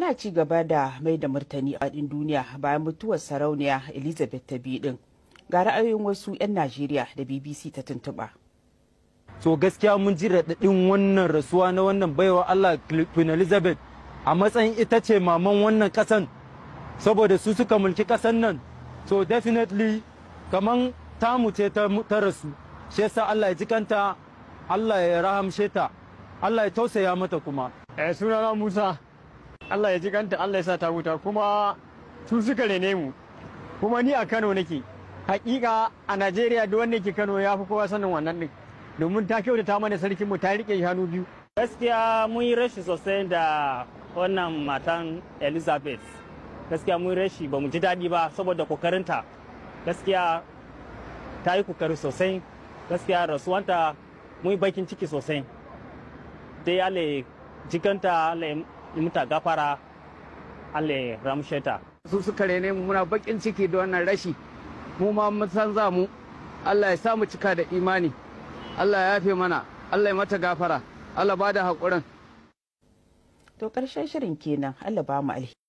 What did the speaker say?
ana ci gaba da mai da martani a faɗin duniya bayan mutuwar sarauniya elizabeth ta biyu din ga ra'ayoyin wasu 'yan najeriya da bbc ta tuntuɓa so gaskiya mun ji raɗaɗin wannan rasuwa na wannan baiwa allah queen elizabeth a matsayin ita ce maman wannan ƙasan saboda su suka mulki ƙasan nan so definitely kaman tamu ce ta rasu shi yasa allah ya ji kanta allah ya rahamshe ta allah ya tausaya mata kuma eh, sunana musa Allah ya ji ganta Allah ya sa ta huta kuma sun suka rene mu kuma ni a Kano nake hakika a Najeriya duk wanda yake Kano ya fi kowa sanin wannan din domin ta kyautata mana sarkin mu ta rike hannu biyu gaskiya mun yi rashi sosai da wannan matan Elizabeth gaskiya mun rashi ba mu ji daɗi ba saboda kokarinta gaskiya ta yi kokari sosai gaskiya rasuwanta mun yi bakin ciki sosai dai Allah jikanta Allah yi gafara Allah ya su suka rene mu muna bakin ciki da wannan rashi mu ma mun san za mu Allah ya sa mu cika da imani Allah ya yafe mana Allah ya mata gafara Allah ba da haƙurin to karshen shirin kenan Allah ba mu alheri